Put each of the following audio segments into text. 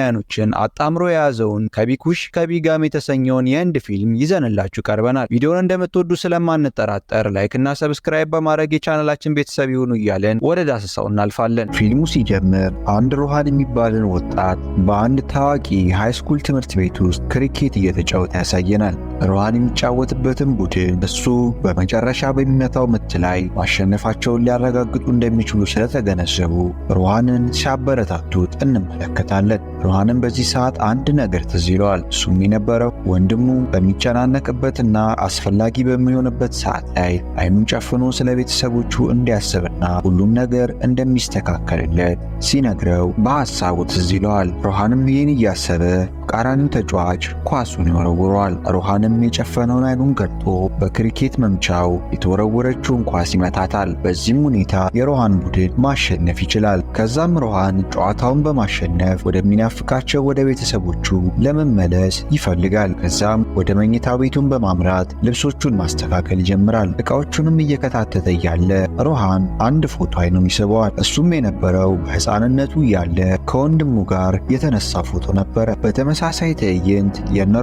ያኖችን አጣምሮ የያዘውን ከቢኩሽ ከቢጋም የተሰኘውን የህንድ ፊልም ይዘንላችሁ ቀርበናል። ቪዲዮን እንደምትወዱ ስለማንጠራጠር ላይክ እና ሰብስክራይብ በማድረግ የቻናላችን ቤተሰብ ይሁኑ እያለን ወደ ዳሰሳው እናልፋለን። ፊልሙ ሲጀምር አንድ ሮሃን የሚባልን ወጣት በአንድ ታዋቂ ሃይስኩል ትምህርት ቤት ውስጥ ክሪኬት እየተጫወተ ያሳየናል። ሮሃን የሚጫወትበትን ቡድን እሱ በመጨረሻ በሚመታው ምት ላይ ማሸነፋቸውን ሊያረጋግጡ እንደሚችሉ ስለተገነዘቡ ሮሃንን ሲያበረታቱት እንመለከታለን። ዮሐንም በዚህ ሰዓት አንድ ነገር ትዝ ይለዋል። እሱም የነበረው ወንድሙ በሚጨናነቅበትና አስፈላጊ በሚሆንበት ሰዓት ላይ አይኑን ጨፍኖ ስለ ቤተሰቦቹ እንዲያስብና ሁሉም ነገር እንደሚስተካከልለት ሲነግረው በሐሳቡ ትዝ ይለዋል። ሮሃንም ይህን እያሰበ ቃራኒው ተጫዋች ኳሱን ይወረውረዋል። ሮሃንም የጨፈነውን አይኑን ገልጦ በክሪኬት መምቻው የተወረወረችውን ኳስ ይመታታል። በዚህም ሁኔታ የሮሃን ቡድን ማሸነፍ ይችላል። ከዛም ሮሃን ጨዋታውን በማሸነፍ ወደሚና ሳያፍካቸው ወደ ቤተሰቦቹ ለመመለስ ይፈልጋል። ከዛም ወደ መኝታ ቤቱን በማምራት ልብሶቹን ማስተካከል ይጀምራል። እቃዎቹንም እየከታተተ እያለ ሮሃን አንድ ፎቶ አይኑን ይስበዋል። እሱም የነበረው በሕፃንነቱ እያለ ከወንድሙ ጋር የተነሳ ፎቶ ነበረ። በተመሳሳይ ትዕይንት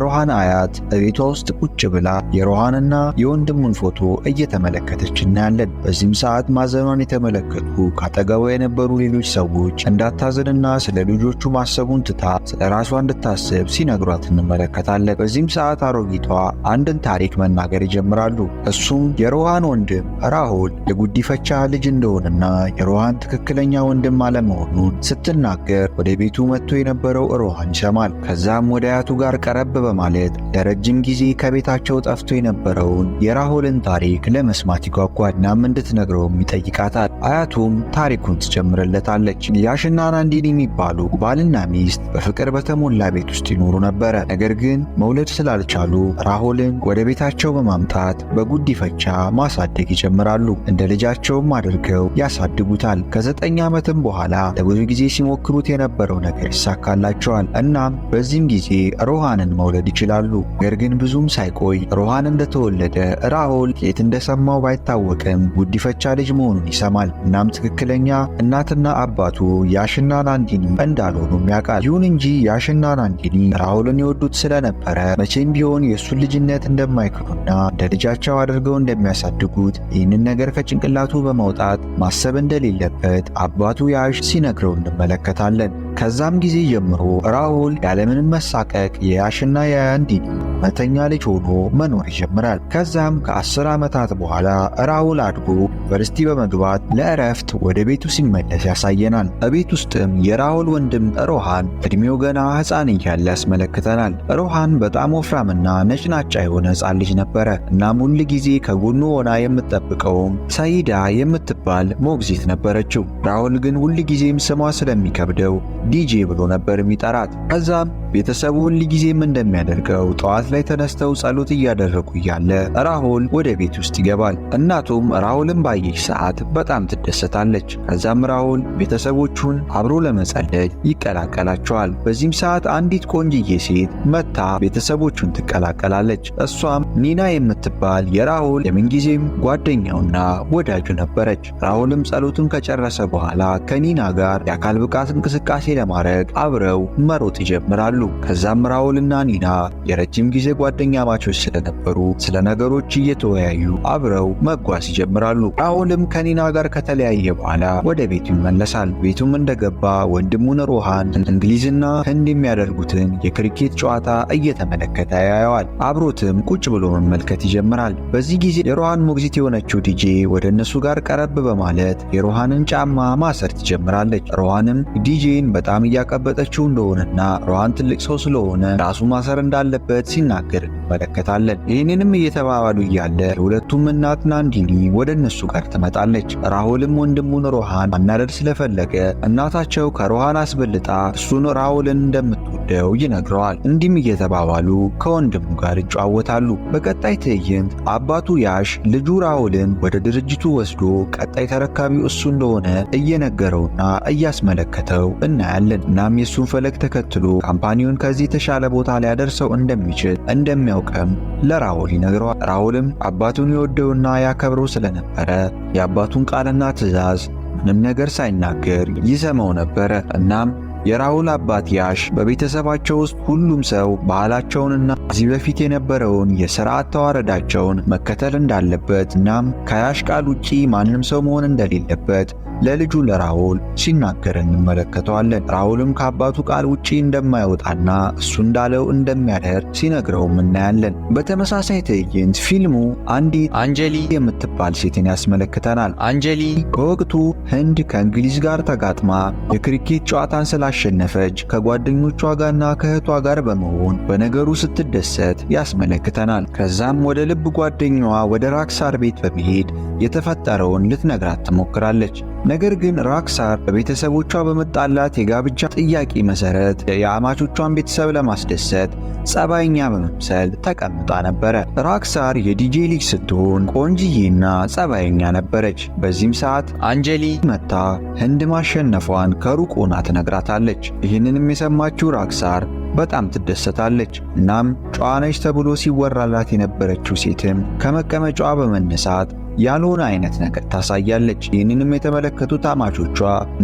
ሮሃን አያት እቤቷ ውስጥ ቁጭ ብላ የሮሃንና የወንድሙን ፎቶ እየተመለከተች እናያለን። በዚህም ሰዓት ማዘኗን የተመለከቱ ካጠገቧ የነበሩ ሌሎች ሰዎች እንዳታዘንና ስለ ልጆቹ ማሰቡን ራሷን ትታ ስለ ራሷ እንድታስብ ሲነግሯት እንመለከታለን። በዚህም ሰዓት አሮጊቷ አንድን ታሪክ መናገር ይጀምራሉ። እሱም የሮሃን ወንድም ራሁል የጉዲፈቻ ልጅ እንደሆነና የሮሃን ትክክለኛ ወንድም አለመሆኑን ስትናገር ወደ ቤቱ መጥቶ የነበረው ሮሃን ይሰማል። ከዛም ወደ አያቱ ጋር ቀረብ በማለት ለረጅም ጊዜ ከቤታቸው ጠፍቶ የነበረውን የራሁልን ታሪክ ለመስማት ይጓጓል። እናም እንድትነግረውም ይጠይቃታል። አያቱም ታሪኩን ትጀምርለታለች። ያሽና ናንዲን የሚባሉ ባልና ሚስት ሚስት በፍቅር በተሞላ ቤት ውስጥ ይኖሩ ነበረ። ነገር ግን መውለድ ስላልቻሉ ራሆልን ወደ ቤታቸው በማምጣት በጉዲፈቻ ማሳደግ ይጀምራሉ። እንደ ልጃቸውም አድርገው ያሳድጉታል። ከዘጠኝ ዓመትም በኋላ ለብዙ ጊዜ ሲሞክሩት የነበረው ነገር ይሳካላቸዋል። እናም በዚህም ጊዜ ሮሃንን መውለድ ይችላሉ። ነገር ግን ብዙም ሳይቆይ ሮሃን እንደተወለደ ራሆል የት እንደሰማው ባይታወቅም ጉዲፈቻ ልጅ መሆኑን ይሰማል። እናም ትክክለኛ እናትና አባቱ ያሽና ናንዲኒ እንዳልሆኑም ያውቃል። ይሆናል። ይሁን እንጂ ያሽና ናንዲኒ ራሁልን የወዱት ስለነበረ መቼም ቢሆን የእሱን ልጅነት እንደማይክዱና እንደ ልጃቸው አድርገው እንደሚያሳድጉት ይህንን ነገር ከጭንቅላቱ በማውጣት ማሰብ እንደሌለበት አባቱ ያሽ ሲነግረው እንመለከታለን። ከዛም ጊዜ ጀምሮ ራሁል ያለምንም መሳቀቅ የያሽና የያንዲኒ መተኛ ልጅ ሆኖ መኖር ይጀምራል። ከዛም ከአስር ዓመታት በኋላ ራሁል አድጎ ዩኒቨርሲቲ በመግባት ለእረፍት ወደ ቤቱ ሲመለስ ያሳየናል። በቤት ውስጥም የራሁል ወንድም ሮሃን እድሜው ገና ሕፃን እያለ ያስመለክተናል። ሮሃን በጣም ወፍራምና ነጭናጫ የሆነ ሕፃን ልጅ ነበረ። እናም ሁል ጊዜ ከጎኑ ሆና የምትጠብቀውም ሰይዳ የምትባል ሞግዚት ነበረችው። ራሁል ግን ሁል ጊዜም ስሟ ስለሚከብደው ዲጄ ብሎ ነበር የሚጠራት። ከዛም ቤተሰቡ ሁል ጊዜም እንደሚያደርገው ጠዋት ላይ ተነስተው ጸሎት እያደረጉ እያለ ራሁል ወደ ቤት ውስጥ ይገባል። እናቱም ራሁልን ባየች ሰዓት በጣም ትደሰታለች። ከዛም ራሁል ቤተሰቦቹን አብሮ ለመጸለይ ይቀላቀላቸዋል። በዚህም ሰዓት አንዲት ቆንጅዬ ሴት መታ ቤተሰቦቹን ትቀላቀላለች። እሷም ኒና የምትባል የራሁል የምንጊዜም ጓደኛውና ወዳጁ ነበረች። ራሁልም ጸሎቱን ከጨረሰ በኋላ ከኒና ጋር የአካል ብቃት እንቅስቃሴ ለማድረግ አብረው መሮጥ ይጀምራሉ። ከዛም ራውልና ኒና የረጅም ጊዜ ጓደኛ ማቾች ስለነበሩ ስለ ነገሮች እየተወያዩ አብረው መጓዝ ይጀምራሉ። ራውልም ከኒና ጋር ከተለያየ በኋላ ወደ ቤቱ ይመለሳል። ቤቱም እንደገባ ወንድሙን ሮሃን እንግሊዝና ህንድ የሚያደርጉትን የክሪኬት ጨዋታ እየተመለከተ ያየዋል። አብሮትም ቁጭ ብሎ መመልከት ይጀምራል። በዚህ ጊዜ የሮሃን ሞግዚት የሆነችው ዲጄ ወደ እነሱ ጋር ቀረብ በማለት የሮሃንን ጫማ ማሰር ትጀምራለች። ሮሃንም ዲጄን በጣም በጣም እያቀበጠችው እንደሆነና ሮሃን ትልቅ ሰው ስለሆነ ራሱ ማሰር እንዳለበት ሲናገር እንመለከታለን። ይህንንም እየተባባሉ እያለ የሁለቱም እናት ናንዲኒ ወደ እነሱ ጋር ትመጣለች። ራሁልም ወንድሙን ሮሃን ማናደድ ስለፈለገ እናታቸው ከሮሃን አስበልጣ እሱን ራሁልን እንደምትወደው ይነግረዋል። እንዲህም እየተባባሉ ከወንድሙ ጋር ይጨዋወታሉ። በቀጣይ ትዕይንት አባቱ ያሽ ልጁ ራሁልን ወደ ድርጅቱ ወስዶ ቀጣይ ተረካቢው እሱ እንደሆነ እየነገረውና እያስመለከተው እና እናያለን። እናም የሱን ፈለግ ተከትሎ ካምፓኒውን ከዚህ የተሻለ ቦታ ሊያደርሰው እንደሚችል እንደሚያውቅም ለራሁል ይነግረዋል። ራሁልም አባቱን የወደውና ያከብረው ስለነበረ የአባቱን ቃልና ትዕዛዝ ምንም ነገር ሳይናገር ይሰማው ነበረ። እናም የራሁል አባት ያሽ በቤተሰባቸው ውስጥ ሁሉም ሰው ባህላቸውንና ከዚህ በፊት የነበረውን የሥርዓት ተዋረዳቸውን መከተል እንዳለበት እናም ከያሽ ቃል ውጪ ማንም ሰው መሆን እንደሌለበት ለልጁ ለራውል ሲናገር እንመለከተዋለን። ራውልም ከአባቱ ቃል ውጪ እንደማይወጣና እሱ እንዳለው እንደሚያደር ሲነግረውም እናያለን። በተመሳሳይ ትዕይንት ፊልሙ አንዲት አንጀሊ የምትባል ሴትን ያስመለክተናል። አንጀሊ በወቅቱ ህንድ ከእንግሊዝ ጋር ተጋጥማ የክሪኬት ጨዋታን ስላሸነፈች ከጓደኞቿ ጋርና ከእህቷ ጋር በመሆን በነገሩ ስትደሰት ያስመለክተናል። ከዛም ወደ ልብ ጓደኛዋ ወደ ራክሳር ቤት በመሄድ የተፈጠረውን ልትነግራት ትሞክራለች። ነገር ግን ራክሳር በቤተሰቦቿ በመጣላት የጋብቻ ጥያቄ መሰረት የአማቾቿን ቤተሰብ ለማስደሰት ጸባይኛ በመምሰል ተቀምጣ ነበረ። ራክሳር የዲጄ ልጅ ስትሆን ቆንጅዬና ጸባይኛ ነበረች። በዚህም ሰዓት አንጀሊ መታ ህንድ ማሸነፏን ከሩቅ ሆና ትነግራታለች። ይህንንም የሰማችው ራክሳር በጣም ትደሰታለች። እናም ጨዋነች ተብሎ ሲወራላት የነበረችው ሴትም ከመቀመጫዋ በመነሳት ያልሆነ አይነት ነገር ታሳያለች። ይህንንም የተመለከቱ ታማቾቿ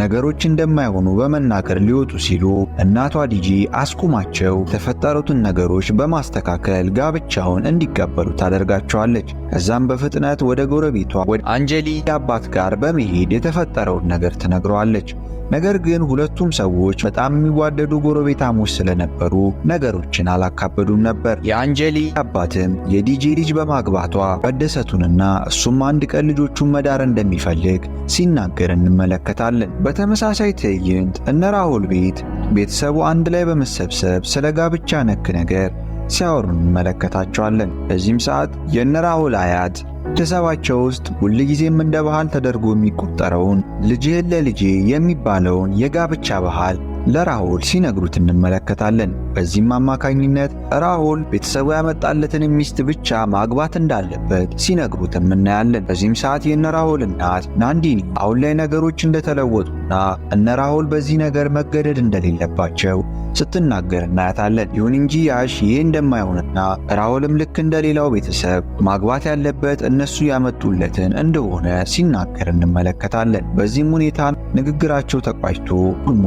ነገሮች እንደማይሆኑ በመናገር ሊወጡ ሲሉ እናቷ ዲጂ አስቁማቸው የተፈጠሩትን ነገሮች በማስተካከል ጋብቻውን እንዲቀበሉ ታደርጋቸዋለች። ከዛም በፍጥነት ወደ ጎረቤቷ ወደ አንጀሊ አባት ጋር በመሄድ የተፈጠረውን ነገር ትነግረዋለች። ነገር ግን ሁለቱም ሰዎች በጣም የሚዋደዱ ጎረቤታሞች ስለነበሩ ነገሮችን አላካበዱም ነበር። የአንጀሊ አባትም የዲጂ ልጅ በማግባቷ መደሰቱንና እሱም አንድ ቀን ልጆቹን መዳር እንደሚፈልግ ሲናገር እንመለከታለን። በተመሳሳይ ትዕይንት እነ ራሁል ቤት ቤተሰቡ አንድ ላይ በመሰብሰብ ስለ ጋብቻ ነክ ነገር ሲያወሩ እንመለከታቸዋለን። በዚህም ሰዓት የእነ ራሁል አያት ቤተሰባቸው ውስጥ ሁልጊዜም እንደ ባህል ተደርጎ የሚቆጠረውን ልጅህን ለልጄ የሚባለውን የጋብቻ ባህል ለራሁል ሲነግሩት እንመለከታለን። በዚህም አማካኝነት ራሁል ቤተሰቡ ያመጣለትን ሚስት ብቻ ማግባት እንዳለበት ሲነግሩት እናያለን። በዚህም ሰዓት የነ ራሆል እናት ናንዲኒ አሁን ላይ ነገሮች እንደተለወጡ እንደሆኑና እነ ራሁል በዚህ ነገር መገደድ እንደሌለባቸው ስትናገር እናያታለን። ይሁን እንጂ ያሽ ይህ እንደማይሆንና ራሁልም ልክ እንደሌላው ቤተሰብ ማግባት ያለበት እነሱ ያመጡለትን እንደሆነ ሲናገር እንመለከታለን። በዚህም ሁኔታ ንግግራቸው ተቋጭቶ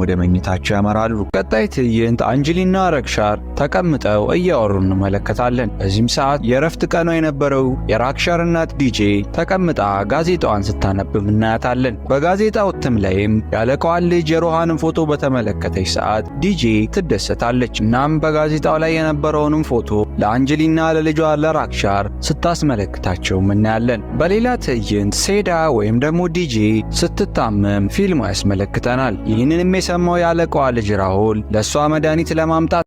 ወደ መኝታቸው ያመራሉ። ቀጣይ ትዕይንት አንጀሊና ረግሻር ተቀምጠው እያወሩ እንመለከታለን። በዚህም ሰዓት የእረፍት ቀኗ የነበረው የራክሻር እናት ዲጄ ተቀምጣ ጋዜጣዋን ስታነብም እናያታለን። በጋዜጣው እትም ላይም ያለቃዋን ልጅ የሮሃንን ፎቶ በተመለከተች ሰዓት ዲጄ ትደሰታለች። እናም በጋዜጣው ላይ የነበረውንም ፎቶ ለአንጀሊና ለልጇ ለራክሻር ስታስመለክታቸውም እናያለን። በሌላ ትዕይንት ሴዳ ወይም ደግሞ ዲጄ ስትታመም ፊልሙ ያስመለክተናል። ይህንንም የሰማው ያለቀዋ ልጅ ራሁል ለእሷ መድኃኒት ለማምጣት